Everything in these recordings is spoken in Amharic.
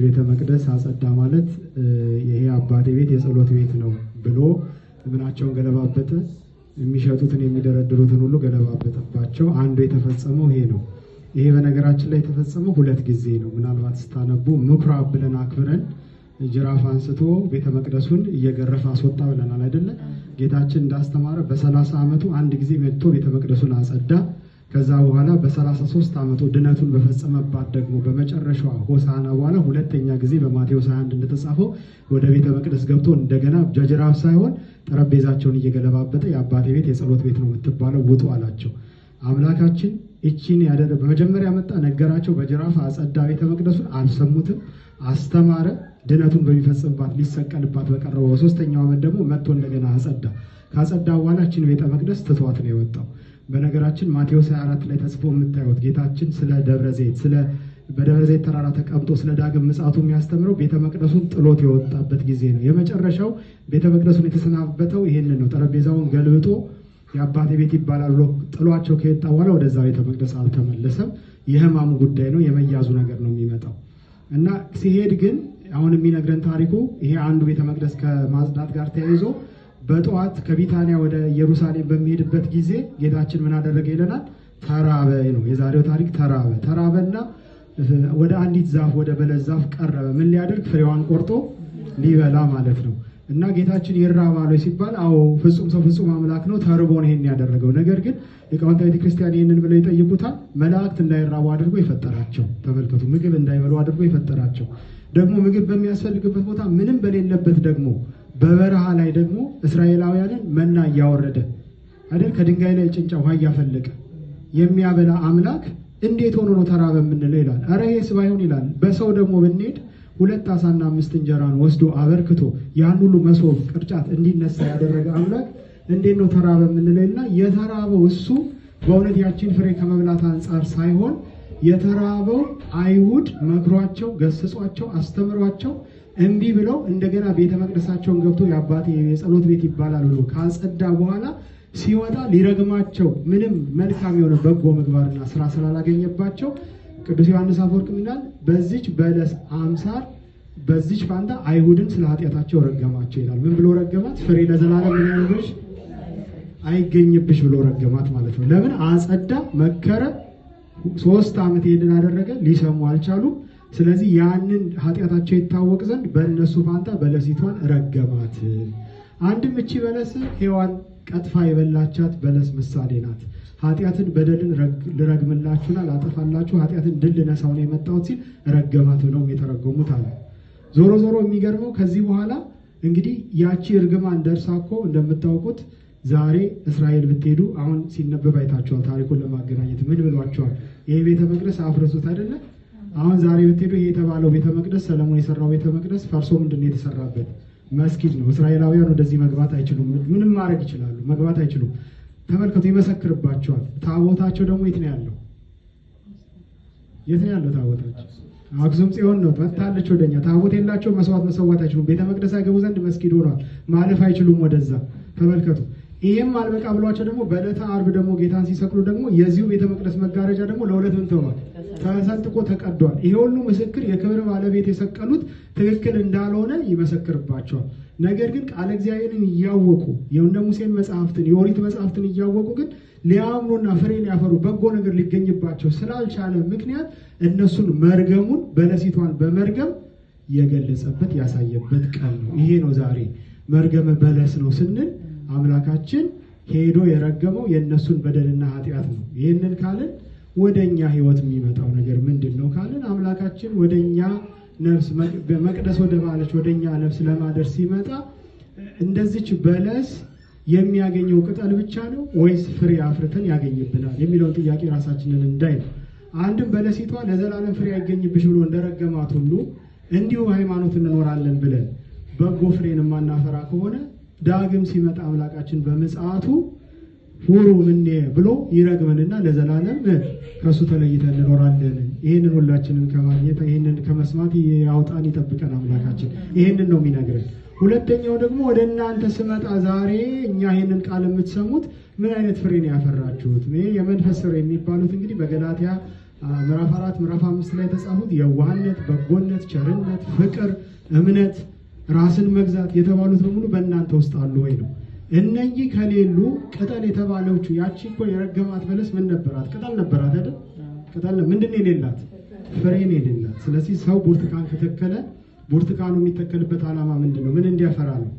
የአባታችን ቤተ መቅደስ አጸዳ ማለት ይሄ አባቴ ቤት የጸሎት ቤት ነው ብሎ እምናቸውን ገለባበጠ። የሚሸጡትን የሚደረድሩትን ሁሉ ገለባበጠባቸው። አንዱ የተፈጸመው ይሄ ነው። ይሄ በነገራችን ላይ የተፈጸመው ሁለት ጊዜ ነው። ምናልባት ስታነቡ ምኩራብ ብለን አክብረን ጅራፍ አንስቶ ቤተ መቅደሱን እየገረፈ አስወጣ ብለናል አይደለ? ጌታችን እንዳስተማረ በሰላሳ ዓመቱ አንድ ጊዜ መጥቶ ቤተ መቅደሱን አጸዳ። ከዛ በኋላ በ33 ዓመቱ ድነቱን በፈጸመባት ደግሞ በመጨረሻዋ ሆሳና በኋላ ሁለተኛ ጊዜ በማቴዎስ 21 እንደተጻፈው ወደ ቤተ መቅደስ ገብቶ እንደገና ጃጅራፍ ሳይሆን ጠረጴዛቸውን እየገለባበጠ የአባቴ ቤት የጸሎት ቤት ነው የምትባለው ውጡ አላቸው። አምላካችን እቺን ያደረ በመጀመሪያ መጣ፣ ነገራቸው፣ በጅራፍ አጸዳ ቤተ መቅደሱን። አልሰሙትም፣ አስተማረ። ድነቱን በሚፈጽምባት ሊሰቀልባት በቀረበው በሶስተኛው ዓመት ደግሞ መጥቶ እንደገና አጸዳ። ካጸዳ በኋላ እቺን ቤተ መቅደስ ትቷት ነው የወጣው። በነገራችን ማቴዎስ 24 ላይ ተጽፎ የምታዩት ጌታችን ስለ ደብረ ዘይት ስለ በደብረ ዘይት ተራራ ተቀምጦ ስለ ዳግም ምጽአቱ የሚያስተምረው ቤተ መቅደሱን ጥሎት የወጣበት ጊዜ ነው። የመጨረሻው ቤተ መቅደሱን የተሰናበተው ይህንን ነው። ጠረጴዛውን ገልብጦ የአባቴ ቤት ይባላል ብሎ ጥሏቸው ከወጣ በኋላ ወደዛ ቤተ መቅደስ አልተመለሰም። የህማሙ ጉዳይ ነው፣ የመያዙ ነገር ነው የሚመጣው እና ሲሄድ ግን አሁን የሚነግረን ታሪኩ ይሄ አንዱ ቤተ መቅደስ ከማጽዳት ጋር ተያይዞ በጠዋት ከቢታንያ ወደ ኢየሩሳሌም በሚሄድበት ጊዜ ጌታችን ምን አደረገ ይለናል። ተራበ ነው የዛሬው ታሪክ። ተራበ ተራበና ወደ አንዲት ዛፍ ወደ በለስ ዛፍ ቀረበ። ምን ሊያደርግ? ፍሬዋን ቆርጦ ሊበላ ማለት ነው። እና ጌታችን ይራባል ሲባል አዎ ፍጹም ሰው ፍጹም አምላክ ነው፣ ተርቦ ነው ይሄን ያደረገው። ነገር ግን ሊቃውንተ ቤተ ክርስቲያን ይህንን ብለው ይጠይቁታል። መላእክት እንዳይራቡ አድርጎ የፈጠራቸው ተመልከቱ፣ ምግብ እንዳይበሉ አድርጎ የፈጠራቸው ደግሞ ምግብ በሚያስፈልግበት ቦታ ምንም በሌለበት ደግሞ በበረሃ ላይ ደግሞ እስራኤላውያንን መና እያወረደ አይደል ከድንጋይ ላይ ጭንጫ ውሃ እያፈለቀ የሚያበላ አምላክ እንዴት ሆኖ ነው ተራበ በምንለው ይላል። ኧረ ይህስ ባይሆን ይላል በሰው ደግሞ ብንሄድ ሁለት አሳና አምስት እንጀራን ወስዶ አበርክቶ ያን ሁሉ መሶብ ቅርጫት እንዲነሳ ያደረገ አምላክ እንዴት ነው ተራበ በምንለው እና የተራበው እሱ በእውነት ያችን ፍሬ ከመብላት አንጻር ሳይሆን የተራበው አይሁድ መክሯቸው፣ ገስጿቸው፣ አስተምሯቸው እምቢ ብለው እንደገና ቤተ መቅደሳቸውን ገብቶ የአባቴ የጸሎት ቤት ይባላል ብሎ ካጸዳ በኋላ ሲወጣ ሊረግማቸው ምንም መልካም የሆነ በጎ ምግባርና ስራ ስላላገኘባቸው ቅዱስ ዮሐንስ አፈወርቅ ይላል በዚች በለስ አምሳር በዚች ፋንታ አይሁድን ስለ ኃጢአታቸው ረገማቸው ይላል። ምን ብሎ ረገማት? ፍሬ ለዘላለም ምንያኖች አይገኝብሽ ብሎ ረገማት ማለት ነው። ለምን አጸዳ፣ መከረ፣ ሶስት ዓመት ይሄንን አደረገ። ሊሰሙ አልቻሉም። ስለዚህ ያንን ኃጢአታቸው ይታወቅ ዘንድ በእነሱ ፋንታ በለሲቷን ረገማት። አንድም እቺ በለስ ሔዋን ቀጥፋ የበላቻት በለስ ምሳሌ ናት። ኃጢአትን፣ በደልን ልረግምላችሁና ላጠፋላችሁ ኃጢአትን ድል ልነሳው ነው የመጣሁት ሲል ረገማት ብለው የተረጎሙት አለ። ዞሮ ዞሮ የሚገርመው ከዚህ በኋላ እንግዲህ ያቺ እርግማን ደርሳ እኮ እንደምታውቁት ዛሬ እስራኤል ብትሄዱ አሁን ሲነበብ አይታችኋል። ታሪኩን ለማገናኘት ምን ብሏቸዋል? ይሄ ቤተ መቅደስ አፍርሱት አይደለም አሁን ዛሬ ብትሄዱ ይሄ የተባለው ቤተ መቅደስ ሰለሞን የሰራው ቤተ መቅደስ ፈርሶ ምንድን ነው የተሰራበት? መስጊድ ነው። እስራኤላውያን ወደዚህ መግባት አይችሉም። ምንም ማድረግ ይችላሉ፣ መግባት አይችሉም። ተመልከቱ፣ ይመሰክርባቸዋል። ታቦታቸው ደግሞ የት ነው ያለው? የት ነው ያለው ታቦታቸው? አክሱም ጽዮን ነው። መጥታለች ወደኛ። ታቦት የላቸው፣ መስዋዕት መሰዋት አይችሉም። ቤተ መቅደስ አይገቡ ዘንድ መስጊድ ሆኗል። ማለፍ አይችሉም ወደዛ። ተመልከቱ። ይህም አልበቃ ብሏቸው ደግሞ በዕለተ ዓርብ ደግሞ ጌታን ሲሰቅሉ ደግሞ የዚሁ ቤተ መቅደስ መጋረጃ ደግሞ ለሁለት ምን ተሆኗል ተሰንጥቆ ተቀዷል። ይሄ ሁሉ ምስክር የክብር ባለቤት የሰቀሉት ትክክል እንዳልሆነ ይመሰክርባቸዋል። ነገር ግን ቃለ እግዚአብሔርን እያወቁ የእነ ሙሴን መጽሐፍትን የኦሪት መጽሐፍትን እያወቁ ግን ሊያምኑና ፍሬ ሊያፈሩ በጎ ነገር ሊገኝባቸው ስላልቻለ ምክንያት እነሱን መርገሙን በለሲቷን በመርገም የገለጸበት ያሳየበት ቀን ነው። ይሄ ነው ዛሬ መርገመ በለስ ነው ስንል አምላካችን ሄዶ የረገመው የእነሱን በደልና ኃጢአት ነው። ይህንን ካልን ወደ እኛ ህይወት የሚመጣው ነገር ምንድን ነው ካለን አምላካችን ወደ እኛ ነፍስ መቅደስ ወደ ባለች ወደ እኛ ነፍስ ለማደር ሲመጣ እንደዚች በለስ የሚያገኘው ቅጠል ብቻ ነው ወይስ ፍሬ አፍርተን ያገኝብናል የሚለውን ጥያቄ ራሳችንን እንዳይ ነው። አንድም በለሲቷ ለዘላለም ፍሬ አይገኝብሽ ብሎ እንደረገማት ሁሉ እንዲሁ ሃይማኖት እንኖራለን ብለን በጎ ፍሬን የማናፈራ ከሆነ ዳግም ሲመጣ አምላካችን በምጽአቱ ሑሩ እምኔ ብሎ ይረግመንና ለዘላለም ከእሱ ተለይተን እንኖራለን። ይህንን ሁላችንን ከማግኘት ይህንን ከመስማት አውጣን፣ ይጠብቀን አምላካችን። ይህንን ነው የሚነግረን። ሁለተኛው ደግሞ ወደ እናንተ ስመጣ ዛሬ እኛ ይህንን ቃል የምትሰሙት ምን አይነት ፍሬ ነው ያፈራችሁት? ይሄ የመንፈስ ፍሬ የሚባሉት እንግዲህ በገላትያ ምዕራፍ አራት ምዕራፍ አምስት ላይ የተጻፉት የዋህነት፣ በጎነት፣ ቸርነት፣ ፍቅር፣ እምነት፣ ራስን መግዛት የተባሉት በሙሉ በእናንተ ውስጥ አሉ ወይ ነው እነኚህ ከሌሉ ቅጠል የተባለችው ያቺ እኮ የረገማት በለስ ምን ነበራት? ቅጠል ነበራት አይደል? ቅጠል ምንድን ነው የሌላት? ፍሬ የሌላት። ስለዚህ ሰው ብርቱካን ከተከለ ብርቱካኑ የሚተከልበት ዓላማ ምንድን ነው? ምን እንዲያፈራ ነው?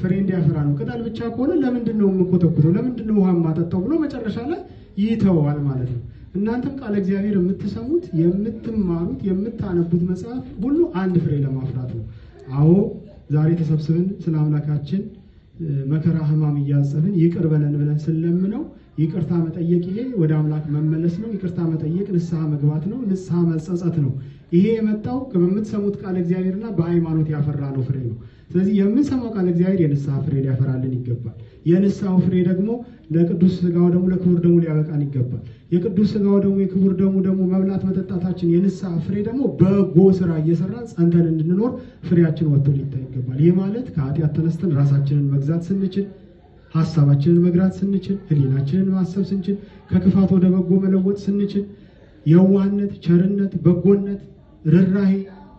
ፍሬ እንዲያፈራ ነው። ቅጠል ብቻ ከሆነ ለምንድን ነው የምኮተኩተው? ለምንድን ነው ውሃ ማጠጣው ብሎ መጨረሻ ላይ ይተዋል ማለት ነው። እናንተም ቃለ እግዚአብሔር የምትሰሙት የምትማሩት፣ የምታነቡት መጽሐፍ ሁሉ አንድ ፍሬ ለማፍራት ነው። አዎ ዛሬ ተሰብስበን ስለ አምላካችን መከራ ህማም እያዘልን ይቅር በለን ብለን ስንለምነው ይቅርታ መጠየቅ ይሄ ወደ አምላክ መመለስ ነው። ይቅርታ መጠየቅ ንስሐ መግባት ነው። ንስሐ መጸጸት ነው። ይሄ የመጣው በምትሰሙት ቃል እግዚአብሔርና በሃይማኖት ያፈራ ነው ፍሬ ነው። ስለዚህ የምንሰማው ቃል እግዚአብሔር የንስሐ ፍሬ ሊያፈራልን ይገባል። የንስሐው ፍሬ ደግሞ ለቅዱስ ስጋው ደግሞ ለክቡር ደግሞ ሊያበቃን ይገባል። የቅዱስ ስጋው ደግሞ የክቡር ደግሞ ደግሞ መብላት መጠጣታችን የንስሐ ፍሬ ደግሞ በጎ ስራ እየሰራን ጸንተን እንድንኖር ፍሬያችን ወጥቶ ሊታይ ይገባል። ይህ ማለት ከኃጢአት ተነስተን ራሳችንን መግዛት ስንችል ሀሳባችንን መግራት ስንችል ህሊናችንን ማሰብ ስንችል ከክፋት ወደ በጎ መለወጥ ስንችል የዋህነት፣ ቸርነት፣ በጎነት፣ ርኅራሄ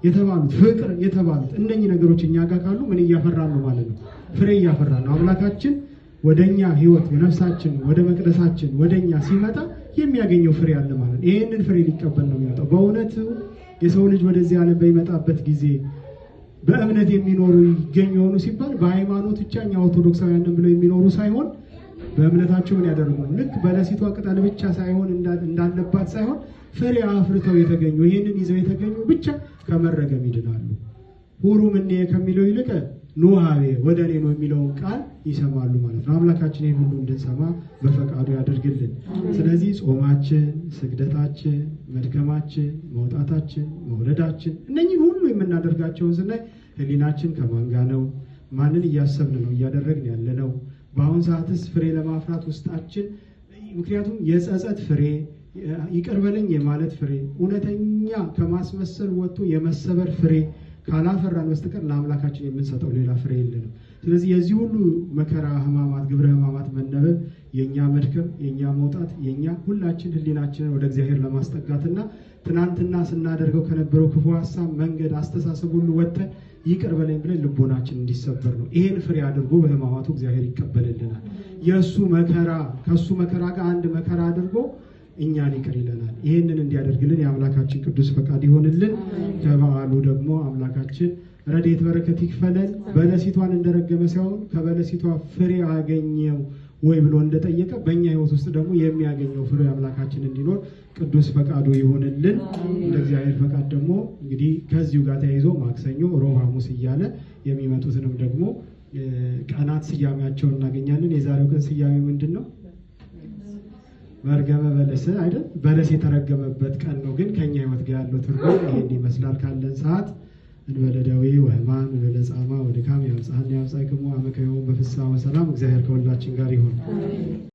የተባሉት ፍቅር የተባሉት እነኚህ ነገሮች እኛ ጋር ካሉ ምን ማለት ነው? ፍሬ እያፈራ ነው። አምላካችን ወደ እኛ ህይወት ነፍሳችን ወደ መቅደሳችን ወደ እኛ ሲመጣ የሚያገኘው ፍሬ አለ ማለት ነው። ይህንን ፍሬ ሊቀበል ነው የሚመጣው። በእውነት የሰው ልጅ ወደዚህ ዓለም በሚመጣበት ጊዜ በእምነት የሚኖሩ ይገኙ የሆኑ ሲባል በሃይማኖት ብቻ እኛ ኦርቶዶክሳውያንን ብለው የሚኖሩ ሳይሆን በእምነታቸውን ያደርጉ ልክ በለሲቷ ቅጠል ብቻ ሳይሆን እንዳለባት ሳይሆን ፍሬ አፍርተው የተገኙ ይህንን ይዘው የተገኙ ብቻ ከመረገም ይድናሉ። ሁሩ እኔ ከሚለው ይልቅ ኑ ወደ እኔ ነው የሚለውን ቃል ይሰማሉ ማለት ነው። አምላካችን ይህን ሁሉ እንድንሰማ በፈቃዱ ያደርግልን። ስለዚህ ጾማችን፣ ስግደታችን፣ መድከማችን፣ መውጣታችን፣ መውለዳችን እነኝህን ሁሉ የምናደርጋቸውን ስናይ ህሊናችን ከማንጋ ነው? ማንን እያሰብን ነው እያደረግን ያለ ነው? በአሁን ሰዓትስ ፍሬ ለማፍራት ውስጣችን ምክንያቱም የጸጸት ፍሬ ይቅርበለኝ የማለት ፍሬ እውነተኛ ከማስመሰል ወጥቶ የመሰበር ፍሬ ካላፈራን በስተቀር ለአምላካችን የምንሰጠው ሌላ ፍሬ የለንም። ስለዚህ የዚህ ሁሉ መከራ ህማማት፣ ግብረ ህማማት መነበብ የእኛ መድከም፣ የእኛ መውጣት፣ የእኛ ሁላችን ህሊናችንን ወደ እግዚአብሔር ለማስጠጋትና ትናንትና ስናደርገው ከነበረው ክፉ ሀሳብ፣ መንገድ፣ አስተሳሰብ ሁሉ ወጥተን ይቅር በለኝ ብለን ልቦናችን እንዲሰበር ነው። ይህን ፍሬ አድርጎ በሕማማቱ እግዚአብሔር ይቀበልልናል። የእሱ መከራ ከእሱ መከራ ጋር አንድ መከራ አድርጎ እኛን ይቅር ይለናል። ይህንን እንዲያደርግልን የአምላካችን ቅዱስ ፈቃድ ይሆንልን። ከበዓሉ ደግሞ አምላካችን ረዴት በረከት ይክፈለን። በለሲቷን እንደረገመ ሳይሆን ከበለሲቷ ፍሬ አገኘው ወይ ብሎ እንደጠየቀ በእኛ ህይወት ውስጥ ደግሞ የሚያገኘው ፍሬ አምላካችን እንዲኖር ቅዱስ ፈቃዱ ይሆንልን። እንደ እግዚአብሔር ፈቃድ ደግሞ እንግዲህ ከዚሁ ጋር ተያይዞ ማክሰኞ፣ ሮብ፣ ሐሙስ እያለ የሚመጡትንም ደግሞ ቀናት ስያሜያቸውን እናገኛለን። የዛሬው ቀን ስያሜ ምንድን ነው? መርገመ በለስ አይደል? በለስ የተረገመበት ቀን ነው። ግን ከኛ ህይወት ጋር ያለው ትርጉም ይህን ይመስላል። ካለን ሰዓት እንበለ ዳዊ ወህማን እንበለ ጻማ ወድካም ያብጽሐን ያብጽሕክሙ አመ ከይሁን በፍስሐ ወሰላም። እግዚአብሔር ከሁላችን ጋር ይሁን።